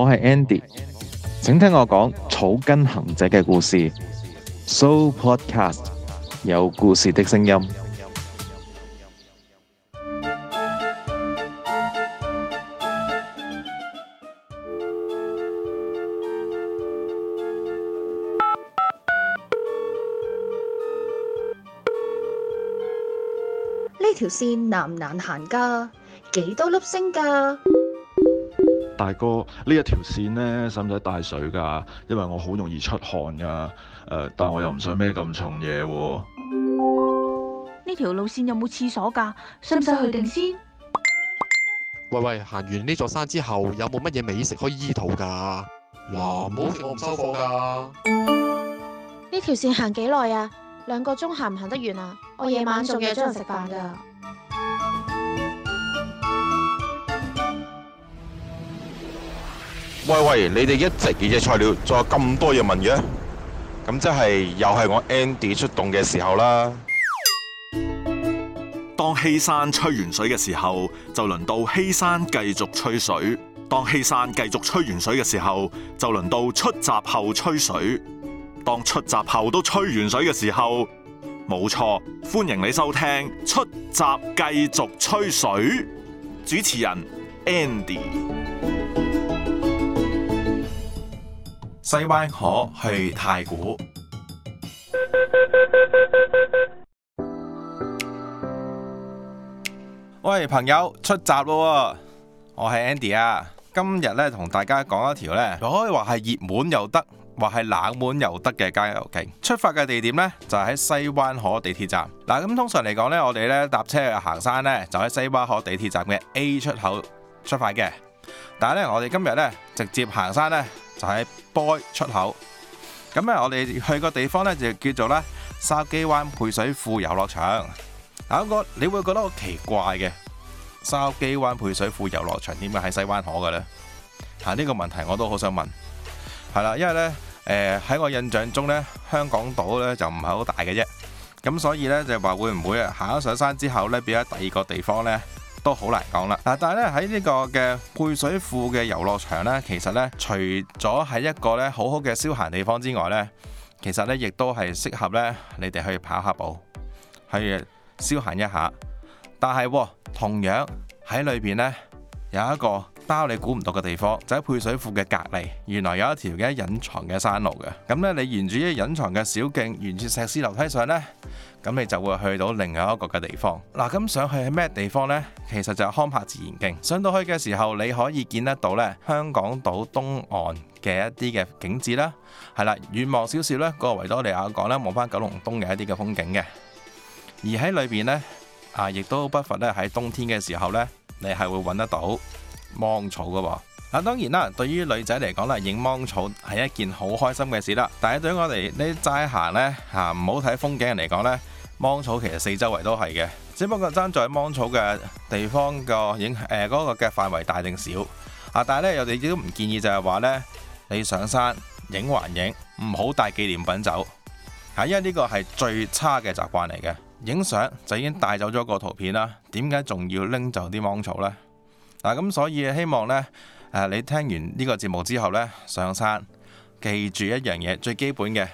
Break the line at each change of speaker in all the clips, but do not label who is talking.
我係 Andy，請聽我講草根行者嘅故事。So Podcast，有故事的聲音。呢條線難唔難行㗎？幾多粒星㗎？大哥，呢一條線呢使唔使帶水㗎？因為我好容易出汗㗎。誒、呃，但係我又唔想孭咁重嘢喎、哦。呢條路線有冇廁所㗎？使唔使去定先？喂喂，行完呢座山之後有冇乜嘢美食可以醫肚㗎？嗱，唔好食我唔收貨㗎。呢條線行幾耐啊？兩個鐘行唔行得完啊？我晚夜晚仲約咗人食飯㗎。喂喂，你哋一直幾隻菜鳥，仲有咁多嘢問嘅，咁即係又係我 Andy 出動嘅時候啦。當希山吹完水嘅時候，就輪到希山繼續吹水。當希山繼續吹完水嘅時候，就輪到出閘後吹水。當出閘後都吹完水嘅時候，冇錯，歡迎你收聽出閘繼續吹水。主持人 Andy。西灣河去太古，喂，朋友出閘咯，我係 Andy 啊，今日咧同大家講一條咧，可以話係熱門又得，或係冷門又得嘅郊遊徑，出發嘅地點咧就係喺西灣河地鐵站。嗱，咁通常嚟講咧，我哋咧搭車去行山咧，就喺西灣河地鐵站嘅 A 出口出發嘅。但係咧，我哋今日咧直接行山咧。就喺 boy 出口，咁咧我哋去個地方呢，就叫做呢筲箕灣配水庫遊樂場。嗱，不過你會覺得好奇怪嘅，筲箕灣配水庫遊樂場點解喺西灣河嘅呢？吓、啊、呢、這個問題我都好想問。係啦，因為呢，誒、呃、喺我印象中呢，香港島呢就唔係好大嘅啫。咁所以呢，就話會唔會啊行咗上山之後呢，變咗第二個地方呢？都好難講啦嗱，但係咧喺呢個嘅配水庫嘅遊樂場呢，其實呢，除咗係一個咧好好嘅消閒地方之外呢，其實呢，亦都係適合呢，你哋去跑下步，去消閒一下。但係、哦、同樣喺裏邊呢，有一個。包你估唔到嘅地方，就喺配水庫嘅隔籬。原來有一條嘅隱藏嘅山路嘅。咁咧，你沿住呢隱藏嘅小徑，沿住石屎樓梯上咧，咁你就會去到另外一個嘅地方。嗱，咁上去係咩地方咧？其實就係康柏自然徑，上到去嘅時候，你可以見得到咧香港島東岸嘅一啲嘅景緻啦。係啦，遠望少少咧，嗰個維多利亞港咧，望翻九龍東嘅一啲嘅風景嘅。而喺裏邊咧，啊，亦都不乏咧喺冬天嘅時候咧，你係會揾得到芒草㗎喎、啊，嗱當然啦，對於女仔嚟講咧，影芒草係一件好開心嘅事啦。但係對於我哋呢啲齋行呢，嚇、啊，唔好睇風景嚟講咧，芒草其實四周圍都係嘅，只不過爭在芒草嘅地方影、呃嗰個影誒嗰個嘅範圍大定少。啊，但係呢，我哋亦都唔建議就係話呢，你上山影還影，唔好帶紀念品走嚇、啊，因為呢個係最差嘅習慣嚟嘅。影相就已經帶走咗個圖片啦，點解仲要拎走啲芒草呢？嗱，咁、啊、所以希望呢，誒、啊，你聽完呢個節目之後呢，上山記住一樣嘢，最基本嘅嚇、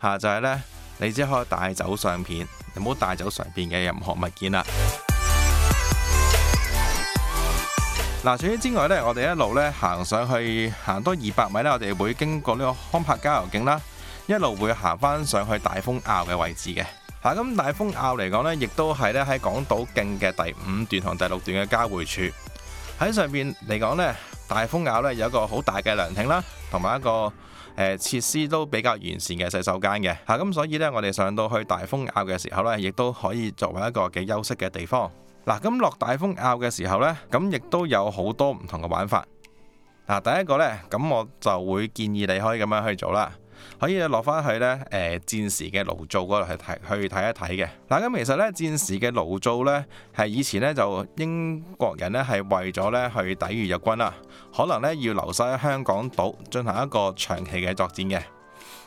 啊、就係、是、呢，你只可以帶走相片，你唔好帶走上邊嘅任何物件啦、啊。嗱、啊，除此之外呢，我哋一路呢行上去，行多二百米呢，我哋會經過呢個康柏郊遊徑啦，一路會行翻上去大風坳嘅位置嘅嚇。咁、啊、大風坳嚟講呢，亦都係呢喺港島徑嘅第五段同第六段嘅交匯處。喺上面嚟講呢，大風坳呢有一個好大嘅涼亭啦，同埋一個誒、呃、設施都比較完善嘅洗手間嘅嚇，咁、啊、所以呢，我哋上到去大風坳嘅時候呢，亦都可以作為一個幾休息嘅地方。嗱、啊，咁落大風坳嘅時候呢，咁亦都有好多唔同嘅玩法。嗱、啊，第一個呢，咁我就會建議你可以咁樣去做啦。可以落翻去咧，誒、呃、戰時嘅爐灶嗰度去睇去睇一睇嘅。嗱，咁其實咧戰時嘅爐灶咧，係以前咧就英國人咧係為咗咧去抵禦日軍啦，可能咧要留晒喺香港島進行一個長期嘅作戰嘅。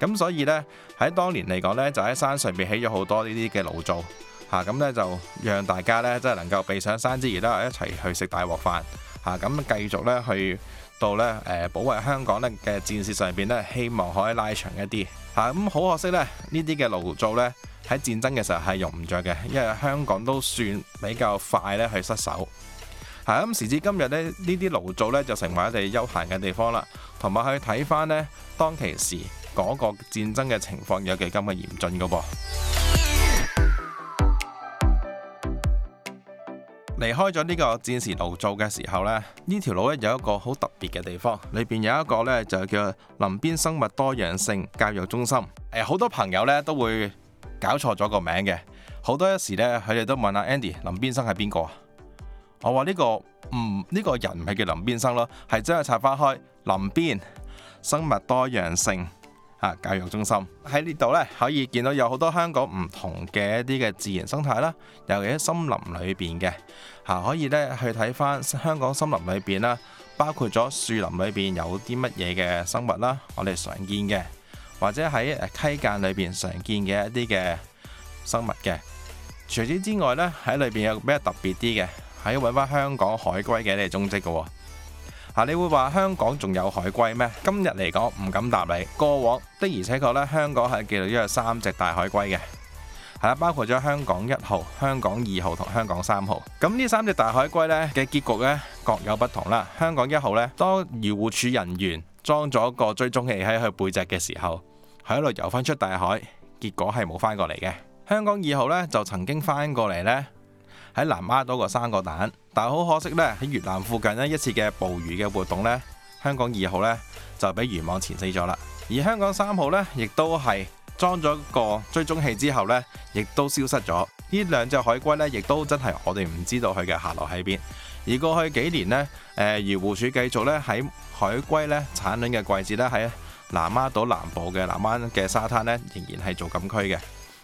咁所以咧喺當年嚟講咧，就喺山上邊起咗好多呢啲嘅爐灶嚇，咁、啊、咧就讓大家咧真係能夠避上山之餘咧一齊去食大鑊飯。嚇，咁繼續咧去到咧，誒、保衛香港咧嘅戰事上邊咧，希望可以拉長一啲嚇咁。好可惜咧，呢啲嘅爐灶咧喺戰爭嘅時候係用唔着嘅，因為香港都算比較快咧去失守嚇，咁時至今日咧，呢啲爐灶咧就成為我哋休閒嘅地方啦。同埋去睇翻呢，當其時嗰個戰爭嘅情況有幾咁嘅嚴峻嘅噃。離開咗呢個戰時爐灶嘅時候咧，呢條路咧有一個好特別嘅地方，裏邊有一個呢，就叫林邊生物多樣性教育中心。誒、呃，好多朋友呢，都會搞錯咗個名嘅，好多一時咧佢哋都問阿 Andy 林邊生係邊個啊？我話呢、這個唔呢、嗯這個人唔係叫林邊生咯，係真係拆開，林邊生物多樣性。教育中心，喺呢度呢，可以見到有好多香港唔同嘅一啲嘅自然生態啦，尤其喺森林裏邊嘅吓，可以呢去睇翻香港森林裏邊啦，包括咗樹林裏邊有啲乜嘢嘅生物啦，我哋常見嘅，或者喺溪澗裏邊常見嘅一啲嘅生物嘅。除此之外呢，喺裏邊有咩特別啲嘅，喺搵翻香港海龜嘅呢個蹤跡嘅。嚇！你會話香港仲有海龜咩？今日嚟講唔敢答你。過往的而且確咧，香港係記錄咗有三隻大海龜嘅，係啊，包括咗香港一號、香港二號同香港三號。咁呢三隻大海龜咧嘅結局咧各有不同啦。香港一號咧，當漁護署人員裝咗個追蹤器喺佢背脊嘅時候，喺度游翻出大海，結果係冇翻過嚟嘅。香港二號咧就曾經翻過嚟咧，喺南丫島過生過蛋。但好可惜咧，喺越南附近咧一次嘅捕魚嘅活動呢，香港二號呢就俾漁網纏死咗啦。而香港三號呢，亦都係裝咗個追蹤器之後呢，亦都消失咗。呢兩隻海龜呢，亦都真係我哋唔知道佢嘅下落喺邊。而過去幾年、呃、呢，誒漁護署繼續咧喺海龜咧產卵嘅季節呢，喺南丫島南部嘅南灣嘅沙灘呢，仍然係做禁區嘅。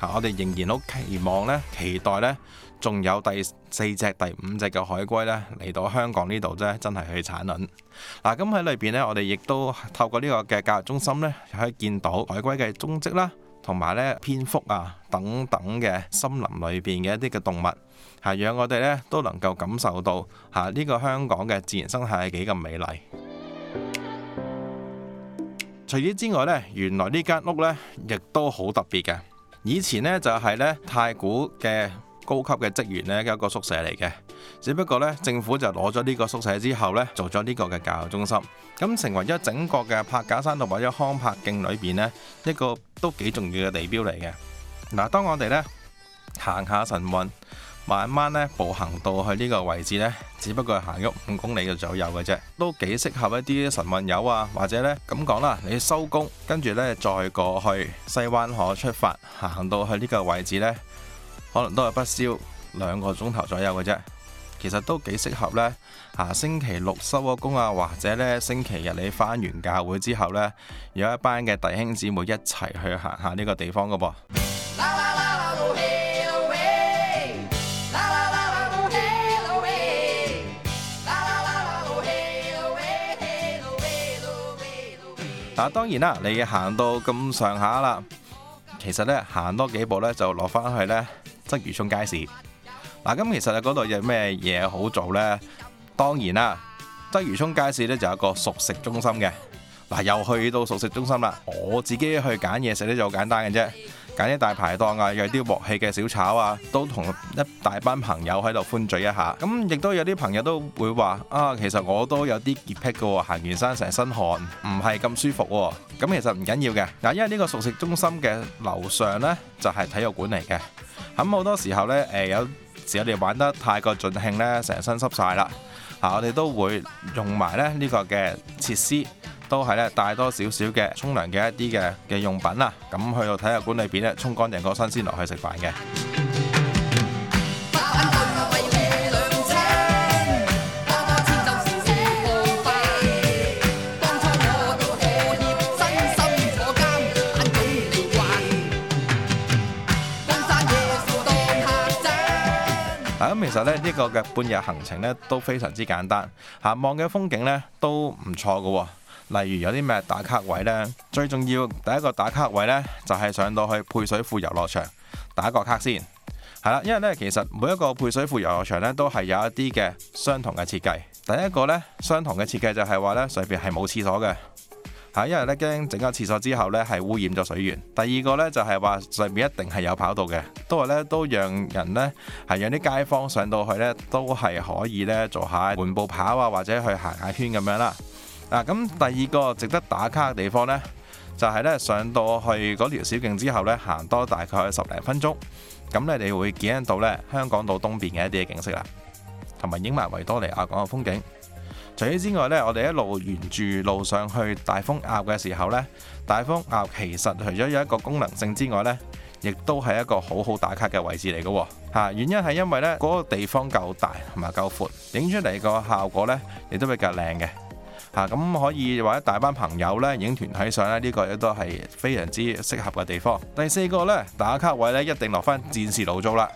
吓、啊，我哋仍然好期望呢，期待呢。仲有第四隻、第五隻嘅海龜咧，嚟到香港呢度啫，真係去產卵嗱。咁喺裏邊呢，我哋亦都透過呢個嘅教育中心呢，可以見到海龜嘅蹤跡啦，同埋咧蝙蝠啊等等嘅森林裏邊嘅一啲嘅動物，嚇，讓我哋呢都能夠感受到嚇呢個香港嘅自然生態係幾咁美麗。 除此之外呢，原來呢間屋呢亦都好特別嘅。以前呢，就係呢太古嘅。高級嘅職員呢，一個宿舍嚟嘅，只不過呢，政府就攞咗呢個宿舍之後呢，做咗呢個嘅教育中心，咁成為咗整個嘅柏架山同埋康柏徑裏邊呢一個都幾重要嘅地標嚟嘅。嗱，當我哋呢行下晨運，慢慢呢步行到去呢個位置呢，只不過行咗五公里嘅左右嘅啫，都幾適合一啲晨運友啊，或者呢咁講啦，你收工跟住呢再過去西灣河出發，行到去呢個位置呢。可能都係不消兩個鐘頭左右嘅啫，其實都幾適合呢。下星期六收咗工啊，或者呢星期日你返完教會之後呢，有一班嘅弟兄姊妹一齊去行下呢個地方嘅噃。嗱，當然啦，你行到咁上下啦，其實呢，行多幾步呢，就落返去呢。鰂魚涌街市嗱，咁其實啊，嗰度有咩嘢好做呢？當然啦，鰂魚涌街市咧就有個熟食中心嘅嗱，又去到熟食中心啦。我自己去揀嘢食咧就好簡單嘅啫，揀啲大排檔啊，有啲鑊氣嘅小炒啊，都同一大班朋友喺度歡聚一下。咁亦都有啲朋友都會話啊，其實我都有啲潔癖㗎，行完山成身汗，唔係咁舒服。咁其實唔緊要嘅嗱，因為呢個熟食中心嘅樓上呢，就係體育館嚟嘅。咁好多時候呢，誒有時我哋玩得太過盡興呢，成身濕晒啦。嗱，我哋都會用埋呢呢個嘅設施，都係呢帶多少少嘅沖涼嘅一啲嘅嘅用品啦。咁去到體育館裏邊呢，沖乾淨個身先落去食飯嘅。其實咧呢個嘅半日行程咧都非常之簡單，下望嘅風景咧都唔錯嘅。例如有啲咩打卡位呢？最重要第一個打卡位呢，就係上到去配水庫遊樂場打個卡先。係啦，因為呢，其實每一個配水庫遊樂場呢，都係有一啲嘅相同嘅設計。第一個呢，相同嘅設計就係話呢，上便係冇廁所嘅。嚇，因為咧驚整咗廁所之後咧係污染咗水源。第二個咧就係話上面一定係有跑道嘅，都係咧都讓人咧係讓啲街坊上到去咧都係可以咧做下緩步跑啊，或者去行下圈咁樣啦。嗱、啊，咁第二個值得打卡嘅地方咧，就係咧上到去嗰條小徑之後咧行多大概十零分鐘，咁咧你會見到咧香港島東邊嘅一啲嘅景色啦，同埋影埋維多利亞港嘅風景。除此之外呢我哋一路沿住路上去大風坳嘅時候呢大風坳其實除咗有一個功能性之外呢亦都係一個好好打卡嘅位置嚟嘅喎。原因係因為呢嗰個地方夠大同埋夠闊，影出嚟個效果呢亦都比較靚嘅。嚇，咁可以話一大班朋友呢影團體相呢，呢、這個亦都係非常之適合嘅地方。第四個呢，打卡位呢一定落翻戰時爐灶啦。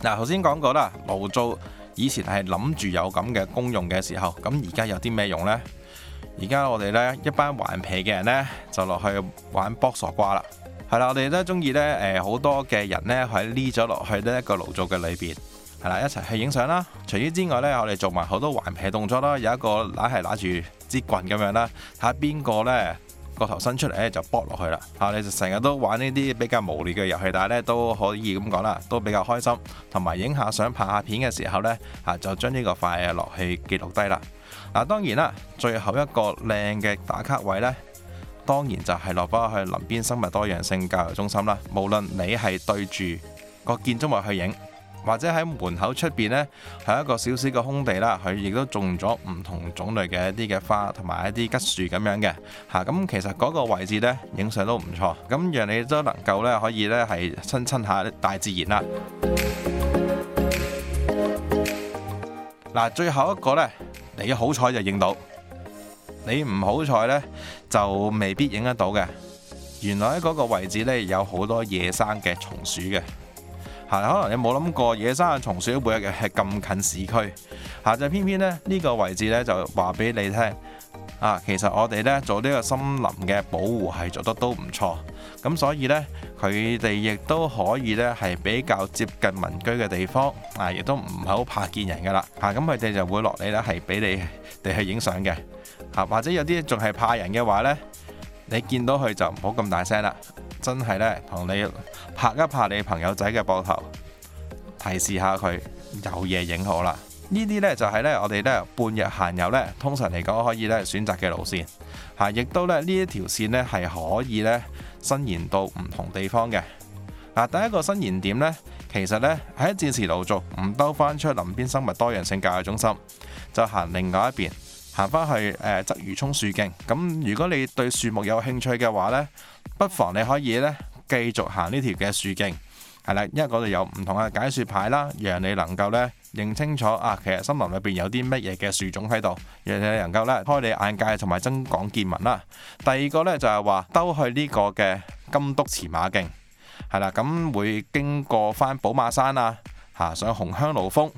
嗱，頭先講過啦，爐灶。以前係諗住有咁嘅功用嘅時候，咁而家有啲咩用呢？而家我哋呢一班玩皮嘅人呢，就落去玩卜傻瓜啦。係啦，我哋都中意呢，誒好多嘅人呢，喺匿咗落去呢一個爐灶嘅裏邊，係啦，一齊去影相啦。除此之外呢，我哋做埋好多玩皮動作啦，有一個攞係攞住支棍咁樣啦，睇下邊個呢。個頭伸出嚟咧，就搏落去啦，吓、啊、你就成日都玩呢啲比較無聊嘅遊戲，但係咧都可以咁講啦，都比較開心，同埋影下相拍下片嘅時候呢，吓、啊、就將呢個快樂樂趣記錄低啦。嗱、啊，當然啦，最後一個靚嘅打卡位呢，當然就係落返去林邊生物多樣性教育中心啦。無論你係對住個建築物去影。或者喺門口出邊呢，係一個小小嘅空地啦。佢亦都種咗唔同種類嘅一啲嘅花，同埋一啲桔樹咁樣嘅嚇。咁其實嗰個位置呢，影相都唔錯。咁讓你都能夠呢，可以呢係親親下大自然啦。嗱， 最後一個呢，你好彩就影到，你唔好彩呢，就未必影得到嘅。原來喺嗰個位置呢，有好多野生嘅松鼠嘅。嚇！可能你冇諗過野生嘅松鼠每日係咁近市區，嚇！就偏偏呢呢個位置呢就話俾你聽，啊，其實我哋呢做呢個森林嘅保護係做得都唔錯，咁所以呢佢哋亦都可以呢係比較接近民居嘅地方，啊，亦都唔係好怕見人噶啦，嚇！咁佢哋就會落嚟呢係俾你哋去影相嘅，嚇！或者有啲仲係怕人嘅話呢。你見到佢就唔好咁大聲啦，真係呢，同你拍一拍你朋友仔嘅膊頭，提示下佢有嘢影好啦。呢啲呢，就係、是、呢，我哋呢半日閒遊呢，通常嚟講可以呢選擇嘅路線吓，亦、啊、都呢，呢一條線呢係可以呢伸延到唔同地方嘅。嗱、啊，第一個伸延點呢，其實呢喺戰時爐灶唔兜返出林邊生物多樣性教育中心，就行另外一邊。行翻去誒鰂魚涌樹徑，咁如果你對樹木有興趣嘅話咧，不妨你可以咧繼續行呢條嘅樹徑，係啦，因為嗰度有唔同嘅解説牌啦，讓你能夠咧認清楚啊，其實森林裏邊有啲乜嘢嘅樹種喺度，讓你能夠咧開你眼界同埋增廣見聞啦。第二個咧就係話兜去呢個嘅金督馳馬徑，係啦，咁會經過翻寶馬山啊，行上紅香爐峯。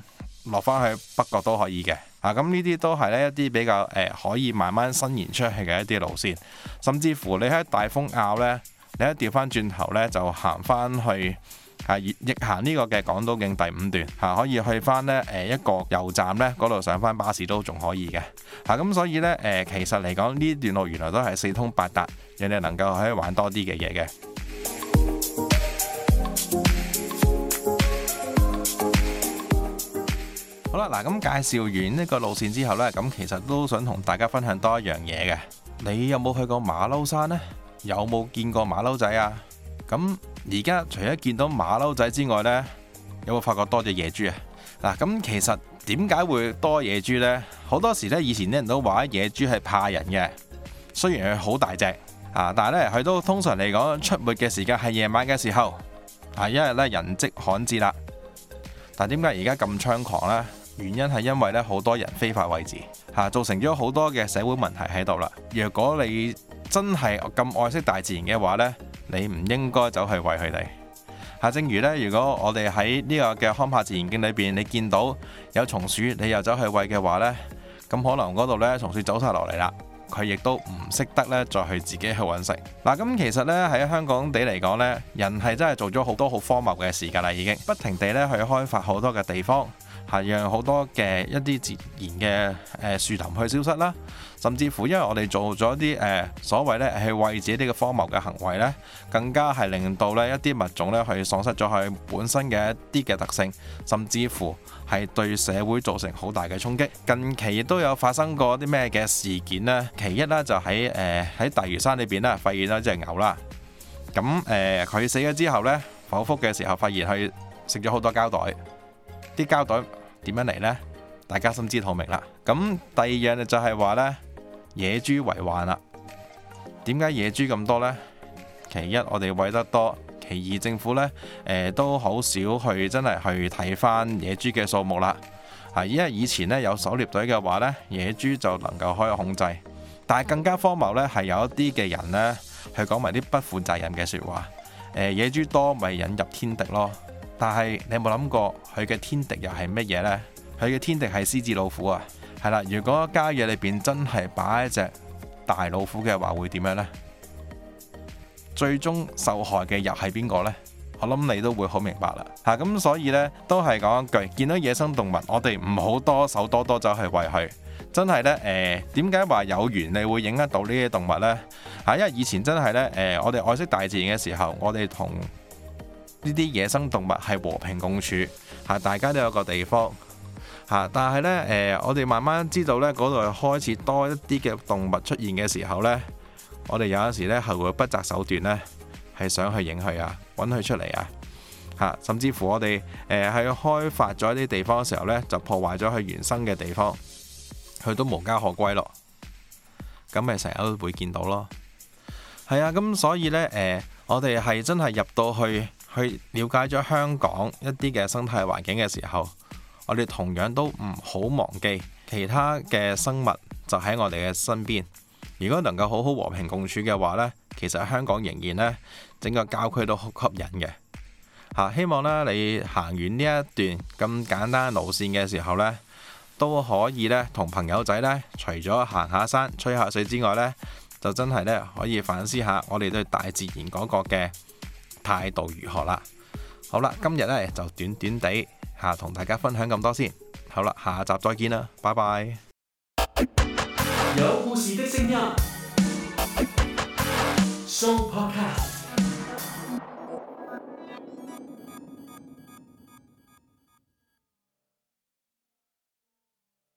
落翻去北角都可以嘅啊！咁呢啲都係呢一啲比較誒、呃、可以慢慢伸延出去嘅一啲路線，甚至乎你喺大風坳呢，你一調翻轉頭呢，就行翻去係逆行呢個嘅港島徑第五段嚇、啊，可以去翻呢誒一個油站呢，嗰度上翻巴士都仲可以嘅嚇。咁、啊、所以呢，誒、呃，其實嚟講呢段路原來都係四通八達，你哋能夠可以玩多啲嘅嘢嘅。嗱，咁介紹完呢個路線之後呢，咁其實都想同大家分享多一樣嘢嘅。你有冇去過馬騮山呢？有冇見過馬騮仔啊？咁而家除咗見到馬騮仔之外呢，有冇發覺多隻野豬啊？嗱，咁其實點解會多野豬呢？好多時呢，以前啲人都話野豬係怕人嘅，雖然佢好大隻啊，但係呢，佢都通常嚟講出沒嘅時間係夜晚嘅時候啊，因為呢人跡罕至啦。但係點解而家咁猖狂呢？原因係因為咧，好多人非法餵食嚇，造成咗好多嘅社會問題喺度啦。若果你真係咁愛惜大自然嘅話咧，你唔應該走去餵佢哋嚇。正如咧，如果我哋喺呢個嘅康柏自然徑裏邊，你見到有松鼠，你又走去餵嘅話咧，咁可能嗰度咧松鼠走曬落嚟啦。佢亦都唔識得咧再去自己去揾食嗱。咁其實咧喺香港地嚟講咧，人係真係做咗好多好荒謬嘅事㗎啦，已經不停地咧去開發好多嘅地方。係讓好多嘅一啲自然嘅誒樹林去消失啦，甚至乎因為我哋做咗啲誒所謂呢係為自己啲嘅荒謬嘅行為呢，更加係令到呢一啲物種呢去喪失咗佢本身嘅一啲嘅特性，甚至乎係對社會造成好大嘅衝擊。近期亦都有發生過啲咩嘅事件呢？其一呢就喺誒喺大嶼山裏邊呢發現咗一隻牛啦。咁誒佢死咗之後呢，剖腹嘅時候發現佢食咗好多膠袋，啲膠袋。點樣嚟呢？大家心知肚明啦。咁第二樣就係話呢野豬為患啦。點解野豬咁多呢？其一我哋餵得多，其二政府呢，呃、都好少去真係去睇翻野豬嘅數目啦。係因為以前呢，有狩獵隊嘅話呢，野豬就能夠可以控制，但係更加荒謬呢，係有一啲嘅人呢，去講埋啲不負責任嘅說話，呃。野豬多咪引入天敵咯。但係你有冇諗過佢嘅天敵又係乜嘢呢？佢嘅天敵係獅子老虎啊，係啦。如果家野裏邊真係擺一隻大老虎嘅話，會點樣呢？最終受害嘅又係邊個呢？我諗你都會好明白啦。吓、啊、咁，所以呢，都係講一句，見到野生動物，我哋唔好多手多多走去餵佢。真係呢，誒、呃，點解話有緣你會影得到呢啲動物呢？吓、啊，因為以前真係呢，誒、呃，我哋愛惜大自然嘅時候，我哋同。呢啲野生動物係和平共處，嚇大家都有個地方嚇、啊。但係呢，誒、呃、我哋慢慢知道呢，嗰度開始多一啲嘅動物出現嘅時候呢，我哋有陣時呢係會不擇手段呢，係想去影佢啊，揾佢出嚟啊嚇。甚至乎我哋誒喺開發咗一啲地方嘅時候呢，就破壞咗佢原生嘅地方，佢都無家可歸咯。咁咪成日都會見到咯。係啊，咁所以呢，誒、呃、我哋係真係入到去。去了解咗香港一啲嘅生態環境嘅時候，我哋同樣都唔好忘記其他嘅生物就喺我哋嘅身邊。如果能夠好好和平共處嘅話，呢，其實香港仍然呢整個郊區都好吸引嘅。吓、啊。希望咧你行完呢一段咁簡單路綫嘅時候呢，都可以呢同朋友仔呢，除咗行下山、吹下水之外呢，就真係呢可以反思下我哋對大自然嗰個嘅。態度如何啦？好啦，今日呢就短短地下同大家分享咁多先。好啦，下集再見啦，拜拜。有故事的聲音